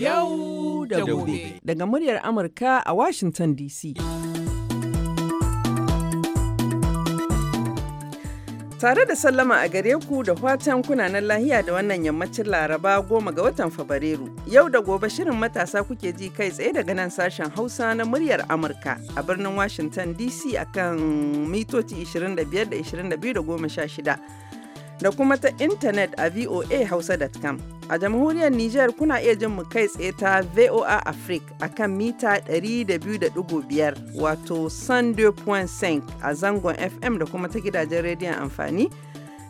yau da gobe. Daga muryar Amurka a Washington DC. Tare da sallama a gare ku da fatan kunanan lahiya da wannan yammacin laraba goma ga watan Fabrairu. Yau da gobe shirin matasa kuke ji kai tsaye daga nan sashen Hausa na muryar Amurka a birnin Washington DC akan mitoci 25 da 22 da kuma ta intanet a voahausa.com. A jamhuriyar Nijar kuna iya jin mu kai tsaye ta VOA Africa a kan mita 200.5 wato Sunday Point a zangon FM da kuma ta gidajen rediyon amfani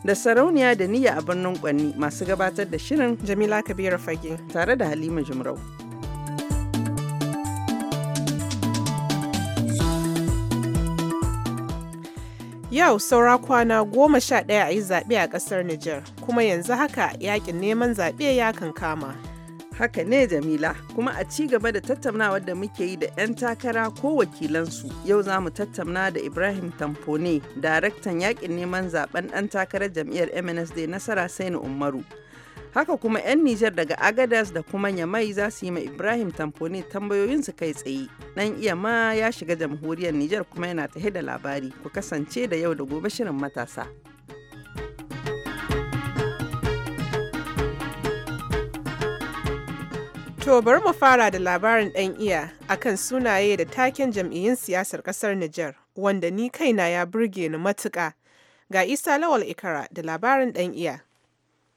da sarauniya da niyya a birnin Kwanni masu gabatar da shirin Jamila Kabiru Fage tare da Halima Jumrau. Yau saura kwana goma sha ɗaya a yi zaɓe a ƙasar Nijar, kuma yanzu haka yakin neman zaɓe ya kankama. Haka ne Jamila, kuma a ci gaba da tattaunawa da muke yi da 'yan takara ko wakilansu. Yau za mu tattauna da Ibrahim Tamfone, daraktan yakin neman zaben ɗan takarar jam'iyyar MNSD Nasara Sainu Umaru. Haka kuma 'yan Nijar daga Agadas da kuma nyamai za su yi ma Ibrahim tambayoyin su kai tsaye. Dan iya ma ya shiga jamhuriyar Nijar kuma yana tahe da labari. Ku kasance da yau da gobe shirin matasa. To bari mu fara da labarin dan iya akan sunaye da taken jam'iyyun siyasar kasar Nijar wanda ni kaina ya burge ni matuƙa. Ga Isa Lawal Ikara da labarin dan iya.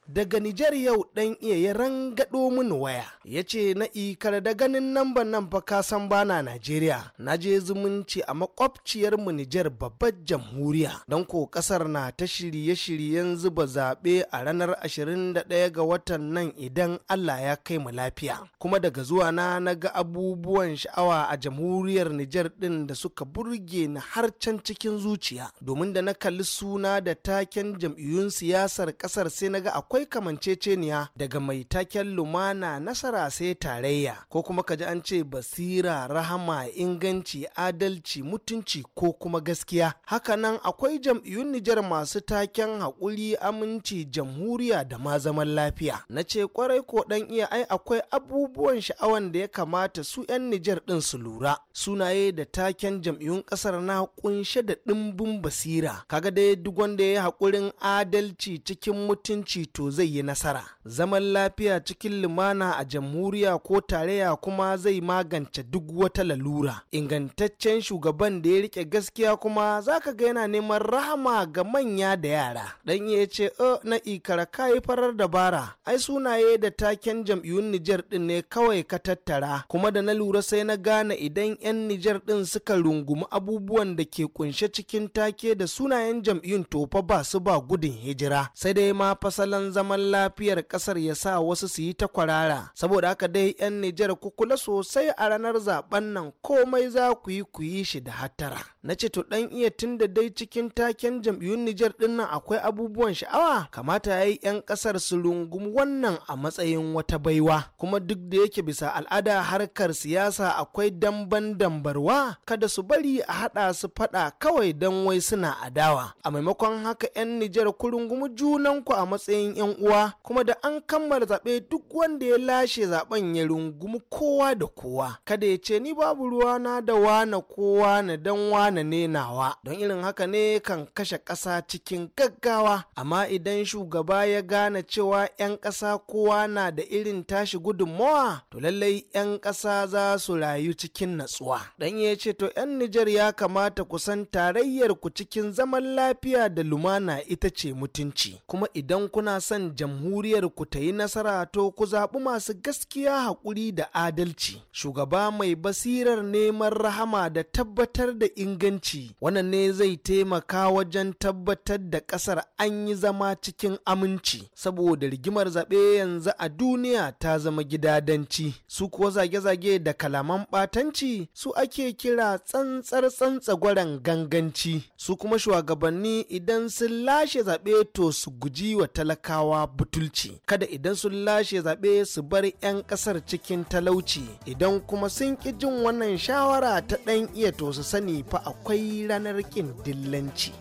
daga Nijar yau dan iya ya rangado mini waya ya ce na ikar da ganin namban nan fa ka san bana Najeriya na je zumunci a makwabciyar mu Nijar babbar jamhuriya don ko kasar na ta shirye-shiryen zuba zaɓe a ranar 21 ga watan nan idan Allah ya kai mu lafiya kuma daga zuwa na naga abubuwan sha'awa a jamhuriyar Nijar ɗin da suka burge ni har can cikin zuciya domin da na kalli suna da taken jam'iyyun siyasar ƙasar sai na ga akwai kamanceceniya daga mai taken lumana nasara sai tarayya ko kuma ka ji an ce basira rahama inganci adalci mutunci ko kuma gaskiya hakanan akwai jam'iyyun nijar masu taken haƙuri aminci jamhuriya da ma zaman lafiya na ce kwarai ko dan iya ai akwai abubuwan sha'awan da ya kamata su 'yan nijar din su lura sunaye da taken jam'iyyun ƙasar na kunshe da ɗimbin basira kaga dai duk wanda ya yi haƙurin adalci cikin mutunci to to zai yi nasara zaman lafiya cikin lumana a jamhuriya ko tarayya kuma zai magance duk wata lalura ingantaccen shugaban da ya rike gaskiya kuma za ka ga yana neman rahama ga manya da yara dan ya ce e na ikara yi farar dabara ai sunaye da taken jam'iyyun Nijar din ne kawai ka tattara kuma da na lura sai na gane idan 'yan Nijar din suka rungumi abubuwan da ke kunshe cikin take da sunayen jam'iyyun tofa ba su ba gudun hijira sai dai ma fasalan zaman lafiyar kasar ya sa wasu su yi ta kwarara saboda haka dai 'yan nijar ku kula sosai a ranar zaben nan komai za ku yi ku yi shi da hatara na ce to dan iya tunda dai cikin taken jam'iyyun nijar dinnan akwai abubuwan sha'awa kamata ya yi 'yan kasar su rungumi wannan a matsayin wata baiwa kuma duk da yake bisa al'ada harkar siyasa akwai damban dambarwa kada su bari a haɗa su faɗa kawai dan wai suna adawa a maimakon haka 'yan nijar ku rungumi junanku a matsayin 'yan uwa kuma da an kammala zaɓe duk wanda ya lashe zaɓen ya rungumi kowa da kowa kada ya ce ni babu ruwa na da wane kowa na dan wane ne nawa don irin haka ne kan kashe ƙasa cikin gaggawa amma idan shugaba ya gane cewa 'yan ƙasa kowa na da irin tashi gudunmawa to lallai 'yan ƙasa za su rayu cikin natsuwa dan ya ce to 'yan Nijar ya kamata ku san tarayyar ku cikin zaman lafiya da lumana ita ce mutunci kuma idan kuna son son jamhuriyar ku ta yi nasara to ku zaɓi masu gaskiya haƙuri da adalci shugaba mai basirar neman rahama da tabbatar da inganci wannan ne zai taimaka wajen tabbatar da ƙasar an yi zama cikin aminci saboda rigimar zaɓe yanzu a duniya ta zama gidadanci su kuwa zage-zage da kalaman ɓatanci su ake kira tsantsar tsantsagwaren ganganci su kuma shugabanni idan sun lashe zaɓe to su guji wa talakawa rawa butulci kada idan sun lashe zaɓe su bar 'yan ƙasar cikin talauci idan kuma sun ƙi jin wannan shawara ta ɗan iya to su sani fa akwai ranar ƙin dillanci.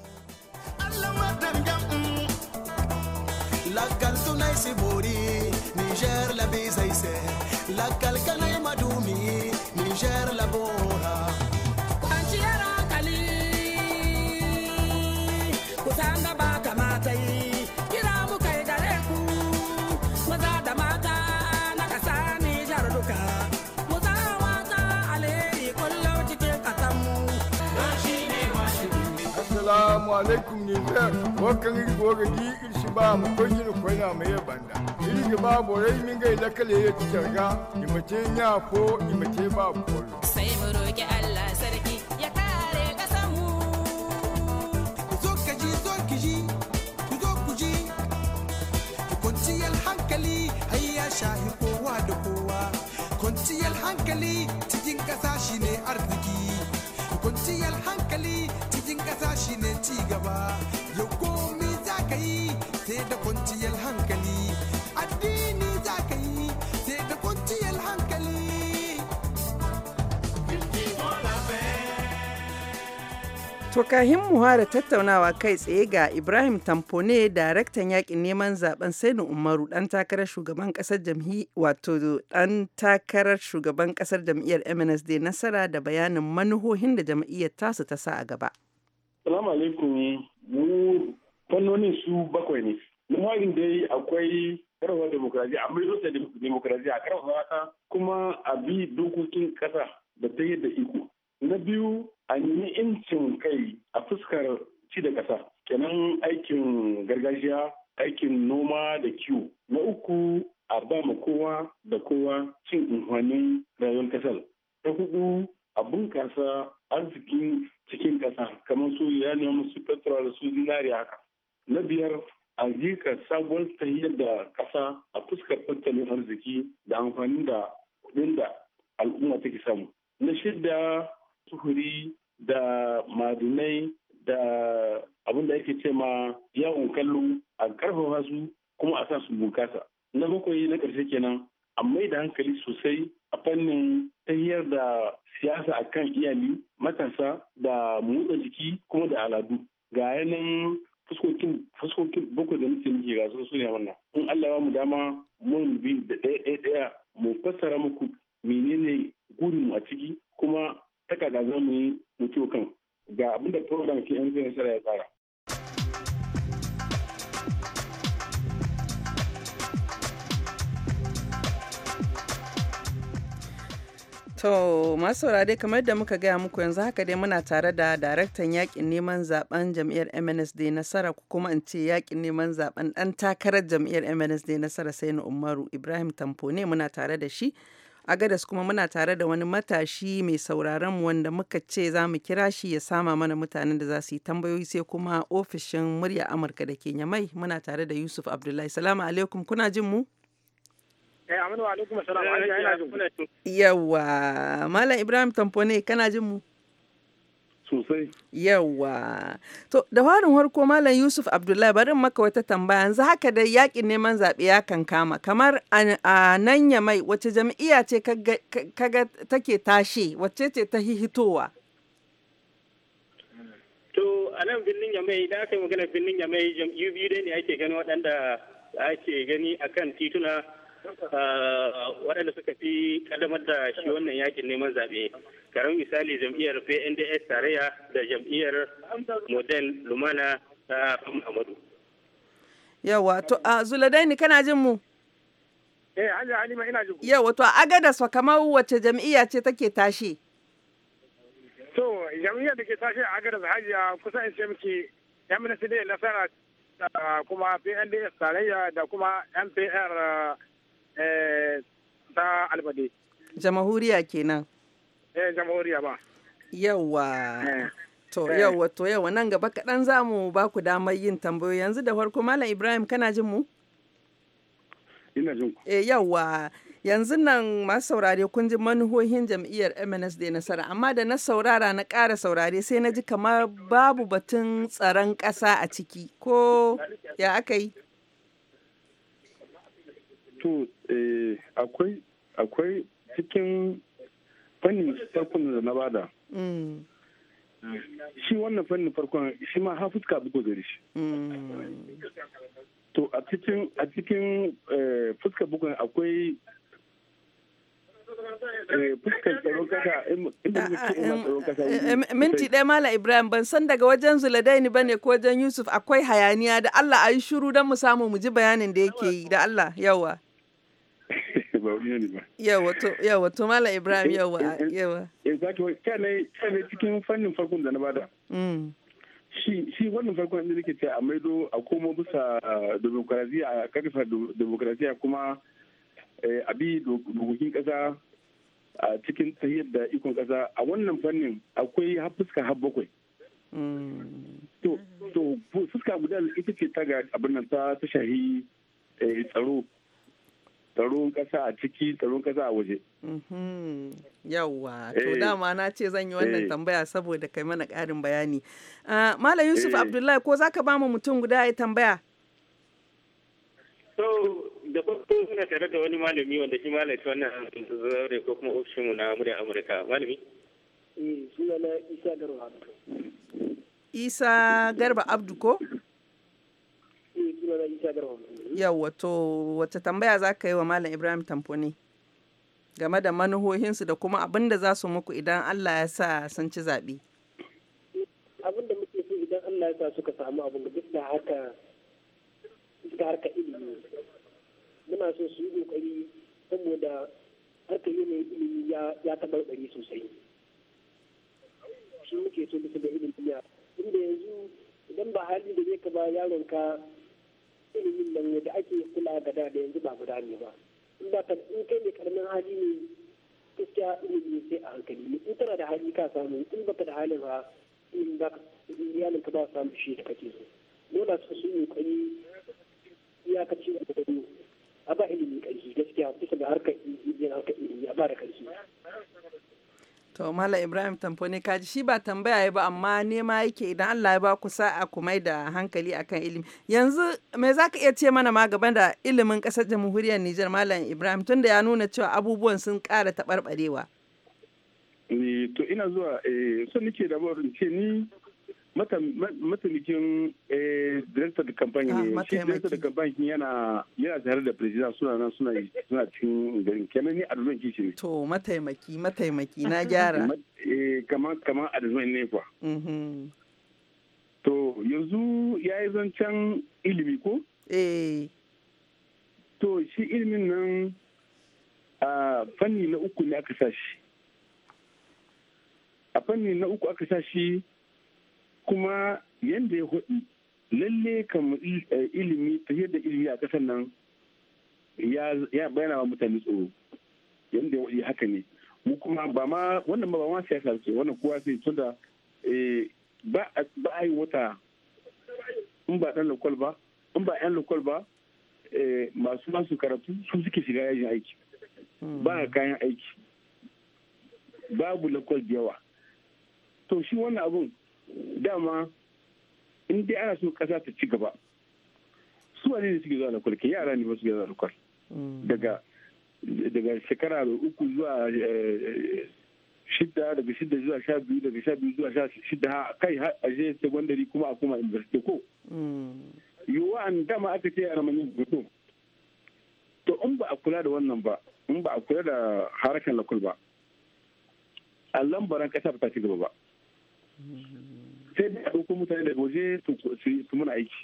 Niger la bise, la calcana alaikum niger wakan irgo ga gi shi ba mu ko gini koina mai banda ga ba rai min ga da kale ya ci karga imace nya ko imace ba ko sai mu roki Allah sarki ya kare kasan mu zo ka ji zo ki ji ku zo ku ji al hankali hayya shahi ko wa da ko wa kowa al hankali cikin ƙasa ne arziki al hankali ƙasa shi ci gaba komi sai da kwanciyar hankali addini za ka yi sai da kwanciyar hankali To muhara tattaunawa kai tsaye ga Ibrahim Tampone, daraktan yakin neman zaben Sainu Umaru dan takarar shugaban kasar jamhi wato dan takarar shugaban kasar jam'iyyar MNSD nasara da bayanin manuhohin da jam'iyyar tasu ta sa a gaba. Salamu alaikum mu fannonin su bakwai ne. Lumagin dai akwai karfafa demokradiyya a mai da demokradiyya a karfafa ta kuma a bi dokokin kasa da ta yadda iko. Na biyu a nemi incin kai a fuskar ci da kasa kenan aikin gargajiya aikin noma da kiwo. Na uku a ba kowa da kowa cin amfanin rayuwar kasar. Ta hudu a bunkasa arzikin cikin kasa kamar su uranium su petrol su zinari haka na biyar a ka sabon tahiyar da kasa a fuskar tattalin arziki da amfani da kuɗin da al'umma take samu na shidda suhuri da madunai da abin da ake ce ma yawon kallo a karfafa su kuma a sa su bunkasa na bakwai na ƙarshe kenan a mai da hankali sosai a fannin tahiyar da siyasa a kan iyali matasa da motsa jiki kuma da al'adu ga yanayin masu saurare kamar da muka gaya muku yanzu haka dai muna tare da daraktan yakin neman zaben jam'iyyar MNSD nasara ko kuma in ce yakin neman zaben dan takarar jam'iyyar MNSD nasara Sainu Umaru Ibrahim Tamfone muna tare da shi a gadas kuma muna tare da wani matashi mai sauraron wanda muka ce za mu kira shi ya sama mana mutanen da za su yi tambayoyi sai kuma ofishin murya Amurka da ke Nyamai muna tare da Yusuf Abdullahi salamu alaikum kuna jin mu Eh, eh, Yawa, Malam Ibrahim Tamfone kana jin mu? Sosai. Yawa. To, da farin harko Malam Yusuf Abdullahi barin maka wata tambaya yanzu haka dai yakin neman zaɓe ya kan kama kamar a nan ya mai wace jam'iyya ce kaga take tashe wacce ce ta hihitowa? To, a nan birnin ya mai da aka yi magana birnin ya mai jam'iyyu biyu dai ne ake gani waɗanda ake gani akan tituna Eh, waɗanda suka fi kaddamar da shi wannan yakin neman zaɓe karamin misali jam'iyyar pnds tarayya da jam'iyyar model lumana ta amadu yawa to a zuladaini kana jin mu eh ji halima ina jin yawa to a agadas fa kamar wacce jam'iyya ce take tashi to jam'iyyar da ke tashi a agadas hajiya kusa in ce miki yan ministry da nasara kuma pnds tarayya da kuma mpr Eh, ta albade Jamahuriya kenan eh jamahuriya ba yawa eh. to eh. yawa to yawa nan gaba kaɗan za mu ba ku damar yin tambayoyi yanzu da farko malam ibrahim kana jin mu ina jin ku eh yawa yanzu nan masu saurare kun ji manuhohin jam'iyyar MNS da nasara amma da na saurara na ƙara saurare sai na ji kamar babu batun tsaron ƙasa a ciki ko ya aka yi to eh, akwai akwai cikin fannin farkon da na bada mm. shi wannan fannin farkon shi ma ha fuska bugu gari shi mm. to a cikin a cikin eh, fuska bugun akwai eh, fuskar tsaron kasa ah, ah, tsaron kasa minti ɗaya mala ibrahim ban san daga wajen zuladaini ba ne ko wajen yusuf akwai hayaniya da allah a yi shuru don mu samu mu ji bayanin da yake yi da allah yawa ba wani ne ba yawa to yawa to mala ibrahim yawa yawa exactly kana kana cikin fannin farkon da na bada mm. shi shi wannan farkon inda nake ce a maido a komo bisa demokrasiya a karfa demokrasiya kuma eh, a bi dokokin kasa a cikin tahiyar da ikon kasa a wannan fannin akwai fuska har bakwai mm. to fuska guda ita ce ta ga abin nan ta shahi eh, tsaro tsaron kasa a ciki tsaron kasa a waje. Mm-hmm. Yawwa, to eh. dama na ce zan yi wannan eh. tambaya saboda kai mana ƙarin bayani. Ah, Malam Yusuf eh. Abdullahi ko za ka ba mu mutum guda ya tambaya? So, da farko suna tare da wani malami wanda shi malamci wannan zaure ko kuma ofishinmu na murya Amurka. Malami? Suna na Isa Garba Abdu. Isa Garba Abdu ko? ya to wata tambaya za ka yi wa Malam Ibrahim tamponi game da manuhohinsu da kuma abin da za su muku idan Allah ya sa sun ci zaɓe. Abin da muke so idan Allah ya sa suka samu abin da duk da haka da harka ilimi muna so su yi kokari saboda harka yanayin ilimi ya taɓa ɗari sosai shi muke so bisa da ilimi ya inda yanzu idan ba hali da zai ka ba yaron ilimin da yadda ake kula ga da yanzu ba guda ne ba in ba ka in kai ne karamin hali ne gaskiya ilimi sai a hankali ne in tana da hali ka samu in baka da halin ba in ba iyalin ka ba samu shi da kake so dole su su yi kai iyakaci da a ba ilimi ƙarfi gaskiya bisa da harkar ilimi a ba da ƙarfi. To Mala Ibrahim ne kaji shi ba tambaya ba amma nema yake idan Allah ya ba ku sa'a ku mai da hankali akan ilimi. Yanzu me za ka iya ce mana ma gaban da ilimin ƙasar jamhuriyar Nijar Malam Ibrahim tunda ya nuna cewa abubuwan sun ƙara taɓarɓarewa. Eh, to ina zuwa eh so nake da barin ni Eh, ah, mataimakin director da kamfani ne shi director da kamfani yana yana tare da president suna nan suna suna cikin garin kenan ni adulun kishi ne to mataimaki mataimaki na gyara eh, kamar kamar adulun ne fa mm-hmm. to yanzu ya yi zancen ilimi ko eh to shi ilimin nan a fanni na uku ne aka sa shi a fanni na uku aka sa shi kuma yadda ya hudu lalle kan e, ilimi ta yadda ilimi a ƙasar nan ya bayyana wa mutane tsoro yadda ya haka ne mu kuma ba ma wannan ba ma siyasa ce wannan kowa sai tun da e, ba a yi wata in ba ɗan lokal ba in ba yan lokal ba e, masu masu karatu su suke shiga yajin aiki ba hmm. kayan aiki babu lokal da yawa to shi wannan abun dama in dai ana so kasa ta ci gaba su wane ne suke zuwa na kwalke yara ne masu gaza zuwa mm. daga daga shekara uku zuwa eh, shidda daga shidda zuwa sha biyu daga sha biyu zuwa sha shidda kai a je secondary kuma a kuma university ko mm. yiwuwa an dama aka ce yara manyan gudu to in ba a kula da wannan ba in ba a kula da harkar lakul ba a lambaran kasa ba ta ci gaba ba sai dai a mutane daga waje su muna aiki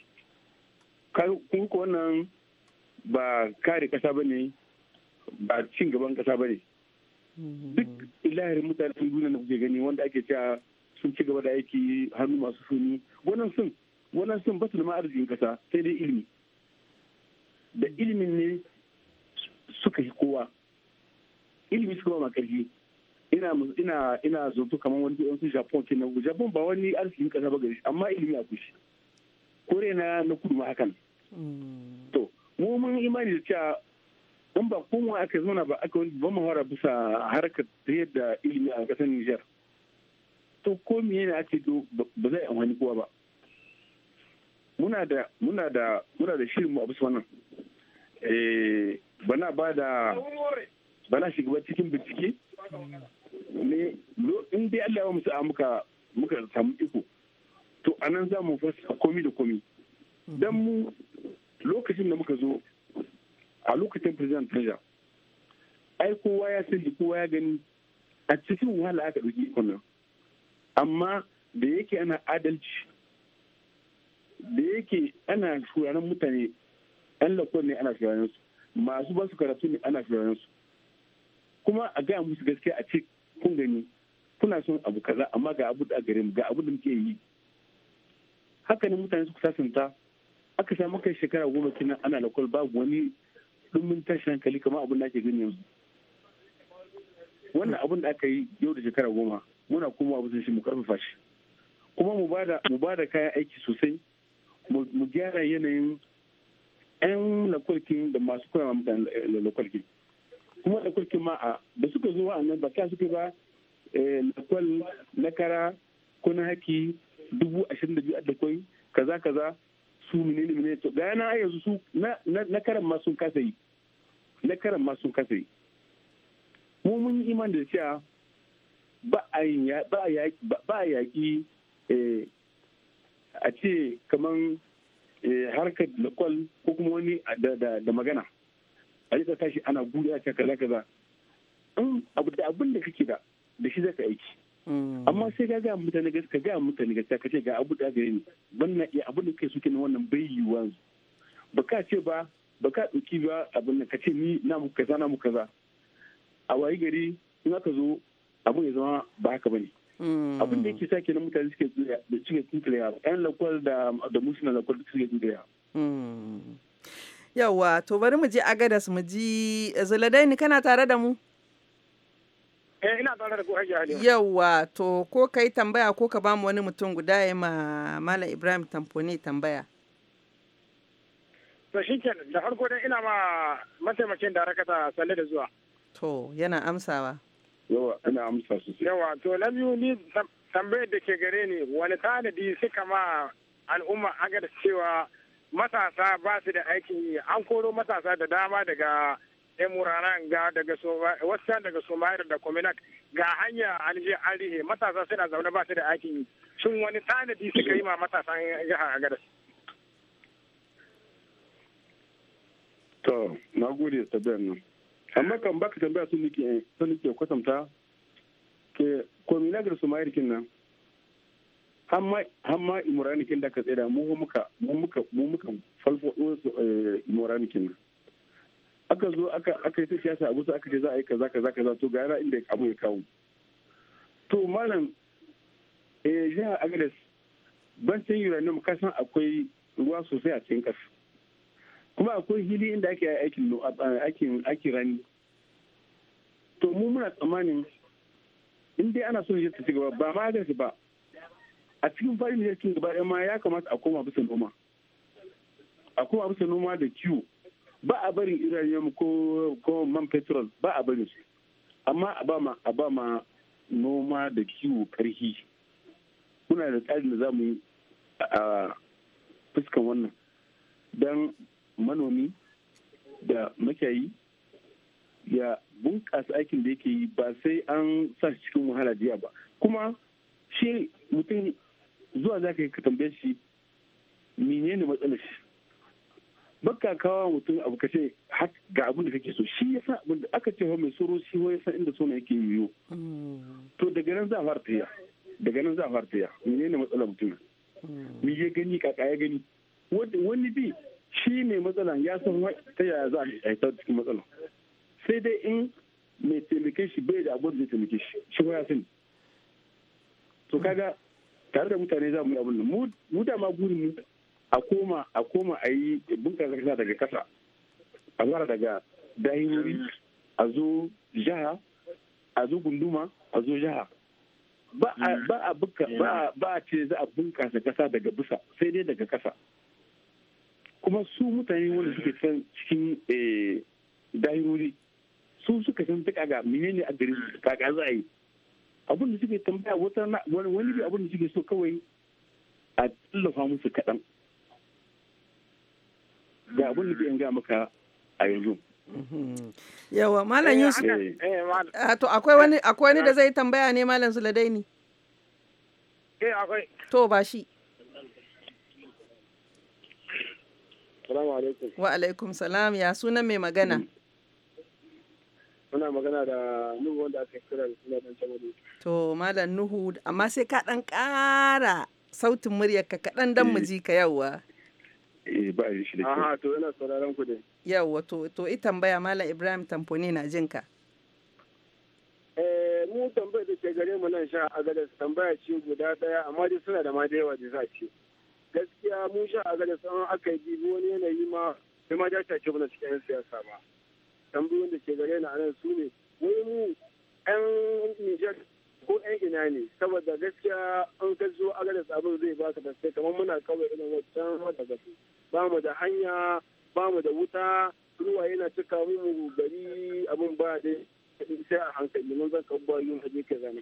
kun ko wannan ba kare kasa ba ne ba cin gaban kasa ba ne mm-hmm. duk lahirin sun duniya da kuke gani wanda ake cewa sun ci gaba da aiki hannu masu suni wannan sun wannan sun basu da arzikin kasa sai dai ilimi da ilimin ne suka yi kowa ilimi suka ba ma karfi ina ina ina zoto kamar wani japon Japan nan Japan ba wani arzikin kasa ba gari shi amma ilimi a kushi kore na na kudu ma hakan hmm. to mu mun imani da cewa in ba kowa aka zauna ba aka wani ban mahawara bisa harkar ta yadda ilimi a kasar Nijar to ko me ne ake to ba zai amfani kowa ba muna da muna da muna da shirin mu a bisa wannan eh bana ba da bana shiga cikin bincike ne in dai Allah ya musu muka muka samu iko to anan za mu fasa komi da komi dan mu lokacin da muka zo a lokacin president Tanja ai kowa ya sani kowa ya gani a cikin wahala aka ɗauki iko nan amma da yake ana adalci da yake ana shuraren mutane yan lakon ne ana shuraren masu ba su karatu ne ana shuraren kuma a gaya musu gaskiya a cikin kun gani kuna son abu kaza amma ga abu da gare mu ga abu da muke yi haka ne mutane suka sasanta aka samu kai shekara goma kina ana lakwal babu wani dumin tashin hankali kamar abin da ake gani yanzu wannan abin da aka yi yau da shekara goma muna kuma abu shi mu karfafa shi kuma mu bada mu kayan aiki sosai mu gyara yanayin 'yan lakwalkin da masu koyawa mutane lakwalkin kuma da ma ma'a da suka zo wa'annan ba ka suke ba lakwal eh, na kara ko na haki dubu ashirin da biyu a dakwai kaza kaza su ne mine to ga yana yanzu su na karan ma sun kasa yi na karan ma sun kasa yi mu mun yi iman da cewa ba a yaƙi eh, a ce kamar eh, harkar lakwal ko kuma wani da magana a ta tashi ana guri a kaza kaza abu da abin da kake da da shi zaka aiki mm. amma sai ka ga mutane gaskiya ga mutane gaskiya ka ce ga abu da gare ni wannan iya eh, abin da kai suke na wannan bai yiwuwa ba ka ce ba ba ka ɗauki ba abin da ka ce ni na mu kaza na mu kaza a wayi gari in aka zo abin ya zama ba haka bane mm. abin da yake sa kenan mutane suke suke tsintirewa yan lakwal da da musulman lakwal suke ya. Yawwa, to bari mu je Agadas mu ji Zuladaini kana tare da mu? Eh ina tare da ku hajji Halima. Yawwa, to ko kai tambaya ko ka bamu wani mutum guda ya ma Malam Ibrahim Tamponi tambaya. To shi da farko dai ina ma mataimakin da rakata sale da zuwa. To yana amsawa. Yawa ina amsa sosai. Yawa to na biyu ni tambayar da ke gare ni wani tanadi suka ma al'umma agadas cewa matasa ba su da aikin yi an koro matasa da dama daga emuran ga daga wasu daga somalia da kominak ga hanya alje alihe matasa suna zaune ba su da aikin yi sun wani tanadi suka yi ma matasan jihar agadas to na gode nan amma kan baka tambaya sun nike kwatanta ke kominak da somalia kin nan hamma imoranikin da ka tsira mu muka mu muka mu muka eh, aka zo aka aka yi ta siyasa a gusa aka ce za a yi kaza kaza kaza to ga yana inda abu ya kawo to malam eh jihar agnes ban san uranium ka san akwai ruwa sosai a cikin ƙasa kuma akwai hili inda ake aikin aikin aikin rani to mu muna tsammanin in dai ana so ta ci gaba ba ma ba a cikin faɗin yankin gaba ɗaya ma ya kamata a koma bisa noma a koma bisa noma da kiwo ba a barin iranium ko ko man petrol ba a barin su amma a ba ma a ba ma noma da kiwo karhi muna da tsarin da za mu yi a fuskan wannan don manomi da makiyayi ya bunƙasa aikin da yake yi ba sai an sa cikin wahala jiya ba kuma shi mutum zuwa za ka yi ka tambaye shi menene matsalar shi baka kawo mutum abu ka ce ga abin da kake so shi ya sa abin da aka ce mai tsoro shi ya san inda sona yake yiwu to daga nan za a fara tafiya daga nan za a fara tafiya menene matsalar mutum me ya gani kaka ya gani wani bi shi ne matsala ya san ta yaya za a haifar cikin matsala sai dai in mai taimake shi bai da abin da zai taimake shi shi ya sani to kaga tare da mutane za mu yi abin mu mu ma gurin mu a koma a koma a yi bunƙasa kasa daga kasa a fara daga dahirori a zo jaha, a zo gunduma a zo jaha. ba a mm. ba a ce za a bunƙasa kasa daga busa, sai dai daga kasa kuma su mutane wanda suke san cikin eh, dahirori su suka san ta kaga menene a gari kaga za a yi abin da suke tambaya wata wani bi abin da suke so kawai a tallafa musu kaɗan ga abin da ke gaya maka a yanzu mm-hmm. yawa malam eh, yusuf eh, ah, to akwai wani eh. akwai wani da ah. zai tambaya ne malam suladaini eh akwai to ba shi Salamu alaikum. Wa alaikum salam ya sunan mai magana. Mm. muna magana da nuhu wanda aka kira da suna dan jamani to malam nuhu amma sai ka dan ƙara sautin muryarka ka kaɗan dan mu eh. ji ka yawa eh ba shi da aha to ina sauraron ku dai yawa to to ita tambaya malam ibrahim tamfoni na jin ka eh mu tambaya da ke gare mu nan sha agada tambaya ce guda daya amma dai suna da ma da yawa da za ce gaskiya mun sha agada sun aka yi wani yanayi ma sai ma da ta ce muna cikin siyasa ba tambayoyin da ke gare ni a nan su ne wai mu 'yan Nijar ko yan ina ne saboda gaskiya an ka zo a gada abin zai baka da sai kamar muna kawai irin wancan wata gasu ba mu da hanya ba mu da wuta ruwa yana cika mu gari abin ba dai sai a hankali mun zan kan bayu na je ke zane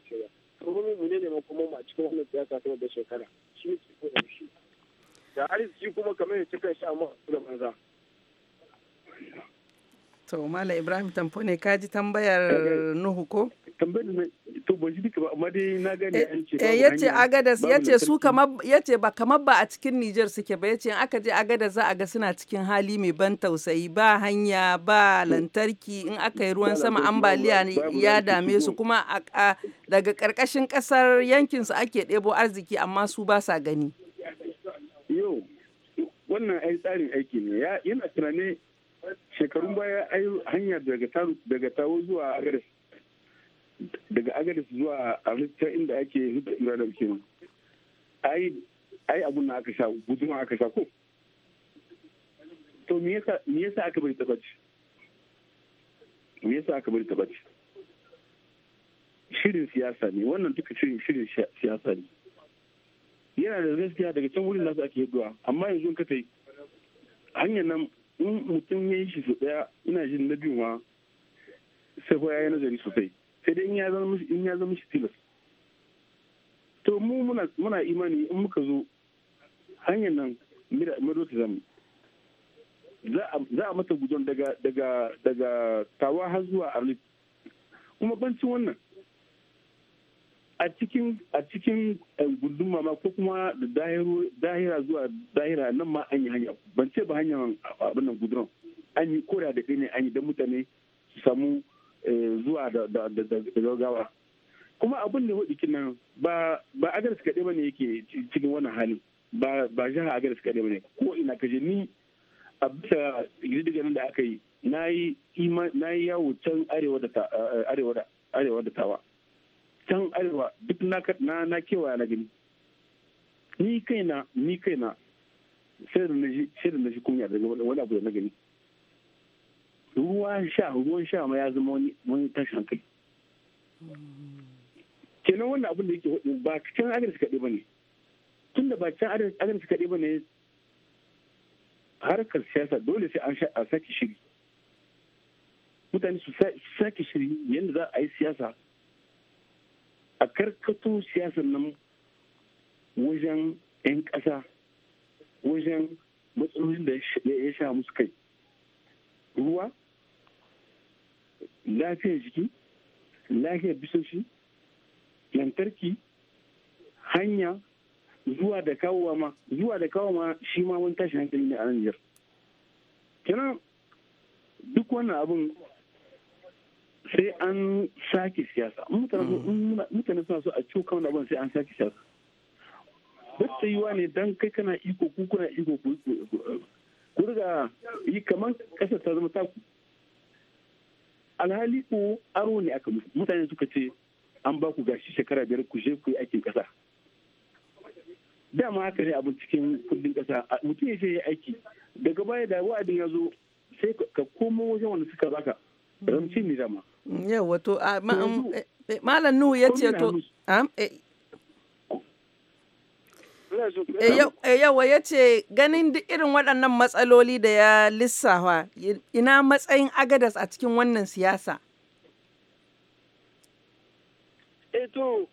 Mala Ibrahim Tampo ne kaji tambayar Nuhu ko? Tambayar to ban ji duka ba amma dai na gane eh, an ce eh yace Agadas yace su kamar yace ba kamar ba a cikin Niger suke ba yace in aka je Agadas za a ga suna cikin hali mai ban tausayi ba hanya ba lantarki in aka yi ruwan sama ambaliya ya dame su kuma daga karkashin kasar yankin su ake ɗebo arziki amma su ba sa gani. Yo wannan ai tsarin aiki ne yana tunani shekarun baya yi hanya daga tawo zuwa agadas daga agadas zuwa rikicin inda ake hita uranium kenan ai ai abun na aka sha guduma aka sha ko to me yasa aka bari tabbaci me yasa aka bari tabbaci shirin siyasa ne wannan duka shirin shirin siyasa ne yana da gaskiya daga can wurin nasu ake hidduwa amma yanzu ka tai hanyar nan in mutum ya yi shi su daya ina jin na biyu ma sai ya yi nazari sosai sai dai in ya zama shi tilas to mu muna imani in muka zo hanyar nan mado ta zama za a mata gudun daga tawa har zuwa arlit kuma bancin wannan a cikin a eh, gunduma ma ko kuma da dahira zuwa dahira nan ma an yi hanya ban ce ba hanyar abin nan guduran an yi kora da ne an yi da mutane su samu eh, zuwa da gaggawa kuma abin da hudu kinan ba ba agaris kaɗe ba ne yake cikin wannan hali ba a jiha agaris kaɗai ba ne ko ina kaje ni a bisa girgizar da aka yi na yi yawo can arewa da eh, tawa can arewa duk na na kewaya na gani ni kaina ni kaina sai da na shi kunya daga wani abu da na gani ruwan sha ruwan sha ma ya zama wani tashin hankali kenan wannan abin da yake hudu ba can arewa kaɗai ba ne tun da ba can arewa kaɗai ba ne harkar siyasa dole sai an sake shiri mutane su sake shiri yadda za a yi siyasa a karkato siyasar nan wajen 'yan ƙasa wajen matsalolin da ya sha musu kai ruwa lafiyar jiki lafiyar bisoshi lantarki hanya zuwa da kawowa ma zuwa da kawowa ma shi ma wani tashin hankali ne a nan kenan duk wannan abin sai an sake siyasa mm. mutane suna so a ciwo kawai abin sai an sake siyasa bata yiwa ne dan kai kana iko ku kuna iko ku ku yi kamar kasar ta zama taku alhali ko aro ne aka mutane suka ce an ba ku gashi shekara biyar ku je ku yi aikin kasa dama haka ne abin cikin kundin kasa mutum ya je ya aiki daga baya da wa'adin ya zo sai ka komo wajen wanda suka baka mm. ramci ne dama Yawa um, eh, eh, eh, ya ce ganin duk irin waɗannan matsaloli da ya lissafa ina matsayin agadas a cikin wannan siyasa? Eto,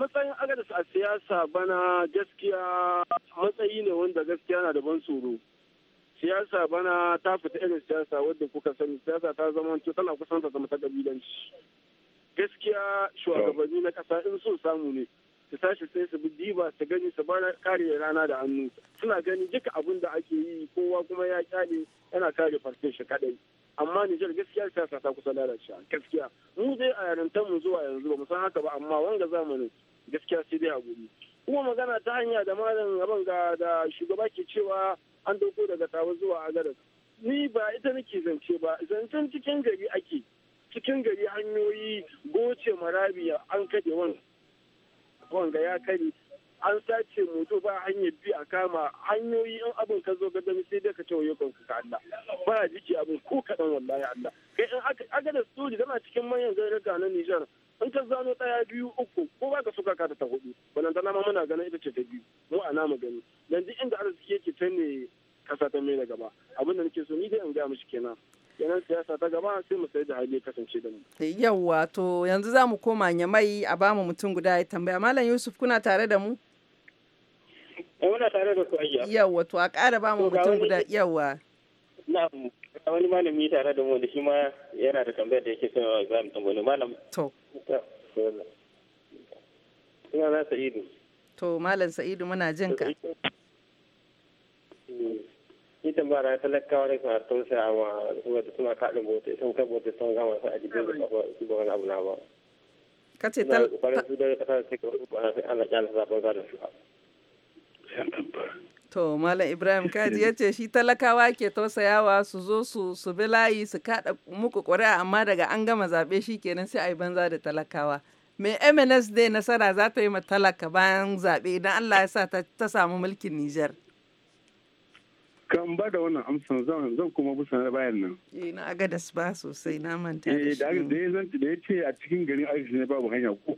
matsayin agadas a siyasa bana gaskiya matsayi ne wanda gaskiya na da ban tsoro. siyasa bana ta fita irin siyasa wadda kuka sani siyasa ta zama tana kusan ta zama ta kabilanci gaskiya shugabanni na kasa in so samu ne su tashi sai su bi diba su gani su bana kare rana da hannu suna gani duka abin da ake yi kowa kuma ya kyale yana kare farce shi kadai amma Nijar gaskiya siyasa ta kusa lalace gaskiya mu dai a yarintar mu zuwa yanzu ba mu san haka ba amma wanga zamanin gaskiya sai dai a gobe kuma magana ta hanya da malam abin ga da shugaba ke cewa an dauko daga tawa zuwa agadas ni ba ita nake zance ba zancen cikin gari ake cikin gari hanyoyi goce marabiya an kade wanga ya kari an sace moto ba hanyar bi a kama hanyoyi in abin ka zo gadami sai dai ka ce wayo kanka ka Allah ba jiki abin ko kaɗan wallahi Allah kai in aka da stori tana cikin manyan garuruka na Nijar in ka zano ɗaya biyu uku ko ba ka so kaka ta hudu balantana ma muna ganin ita ce ta biyu mu a namu gani dan inda arziki yake ta ne kasa ta mai gaba abin da nake so ni dai in ga mishi kenan yanan siyasa ta gaba sai mu sai da hali ya kasance da mu. Eh, yawwa to yanzu za mu koma nyamai a ba mu mutum guda ya tambaya. Malam Yusuf kuna tare da mu? Eh, muna tare da ku ayya. Yawwa to a ƙara ba mu mutum guda yawwa. Na'am. wani malami tare da mu da shi ma yana da tambayar da yake son wa Ibrahim wani malam. To. Ina na Sa'idu. To malam Sa'idu muna jin ka. Ni tambara talakawa ne kuma a kuma da suna kaɗin bota sun kai bota sun gama su a jibin da kafa su ba wani abu na ba. Ka ce tal. Kwarin su da kasa sai ka ana kyalasa ba za da su. Yan tambara. To Malam Ibrahim Kaji ya ce shi talakawa ke tausayawa su zo su su bi layi su kaɗa muku ƙuri'a amma daga an gama zaɓe shi kenan sai a yi banza da talakawa. Me MNS dai nasara za ta yi ma talaka bayan zaɓe idan Allah ya sa ta samu mulkin Nijar. kan ba da wannan amsan zan zan kuma busa na bayan nan. Eh na agadas ba sosai na manta. Eh da da ya da ya ce a cikin garin Aisha ne babu hanya ko.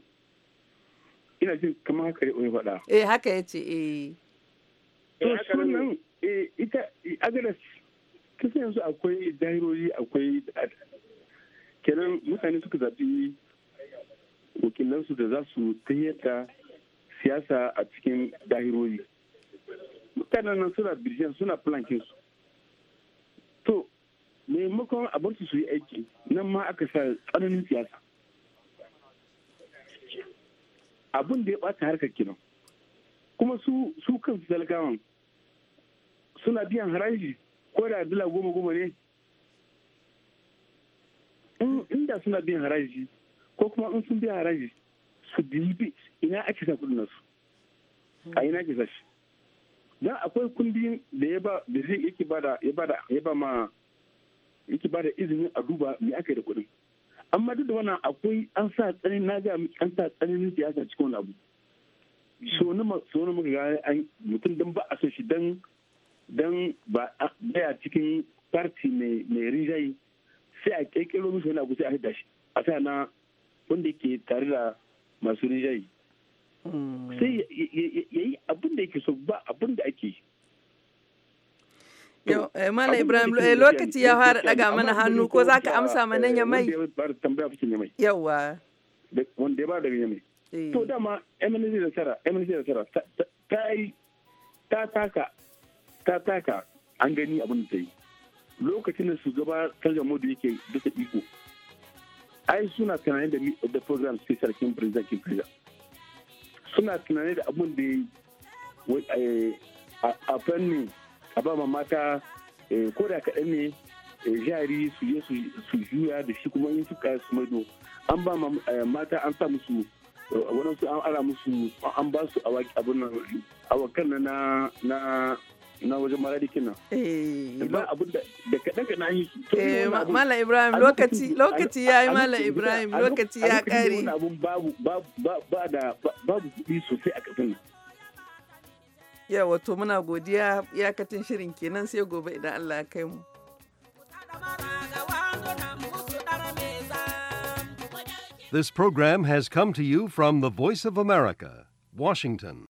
Ina jin kamar haka ya faɗa. Eh haka ya ce eh. to sunan eh, ita agadas eh, kasa yanzu akwai dairori akwai kenan mutane suka zaɓi wakilansu da za su ta siyasa a cikin dahirori mutanen nan suna birjan suna plankin su to maimakon a bar su yi aiki nan ma aka sa tsananin siyasa abin da ya bata harkar kinan kuma su su kansu talakawan suna biyan haraji ko da dala goma goma ne inda suna biyan haraji ko kuma in sun biya haraji su dibi ina ake sa kudin nasu a ina ake sa shi dan akwai kundi da ya ba da zai yake ba da ya ba da ya ba ma yake ba da izinin a duba me aka da kudin amma duk da wannan akwai an sa tsanin na ga an sa tsanin siyasa cikin abu so na muka ga mutum dan ba a so shi dan don ba a baya cikin farti mai rinjayi sai a kirkiro mishi wani abu sai a hada shi a sa na wanda ke tare da masu rinjayi hmm. sai ya yi abin da yake so ba abin da ake yau eh, mala ibrahim eh, lokaci ya fara daga mana hannu ko za ka amsa mana ya mai yawa wanda ya ba daga yamai eh. to dama mnc da tara mnc da tara ta yi ta taka ta taka an gani abin da ta yi lokacin da shugaba Kanjan Modu yake duka iko ai suna tunanin da program sai sarkin president kaza suna tunanin da abin da yi eh, a fannin a ba mata eh, ko da kaɗan ne eh, jari su je su juya da shi kuma in suka su maido an ba mata an sa musu su an ara musu an ba su awakan na wajen eh, da kaɗan ka yi eh, Mala Ibrahim lokaci lokaci ya yi Mala Ibrahim lokaci ya A babu ba da babu kuɗi sosai a muna godiya iyakacin shirin kenan sai gobe idan Allah ya kai mu. This program has come to you from the Voice of America, Washington.